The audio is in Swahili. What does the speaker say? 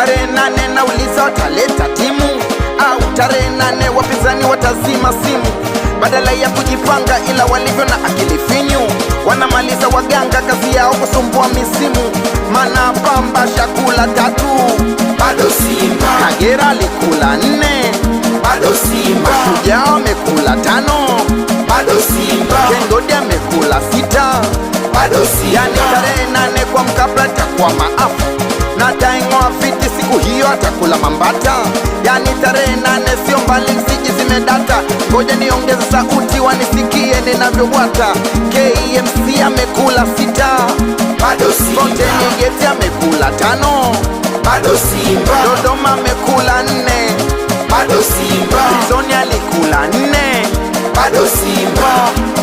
Tarehe nane na uliza wataleta timu au tarehe nane wapinzani watazima simu, badala ya kujipanga, ila walivyo na akili finyu wanamaliza waganga, kazi yao kusumbua misimu, mana pamba shakula tatu bado Simba, Kagera alikula nne bado Simba, Shujaa amekula tano bado Simba, Kengodi amekula sita kupata kula mambata, yani tarehe nane sio mbali, msiji zimedata. Ngoja niongeze sauti wanisikie ninavyobwata. KMC e amekula sita, bado Simba. Tegete amekula tano, bado Simba. Dodoma amekula nne, bado Simba. Zoni alikula nne, bado Simba.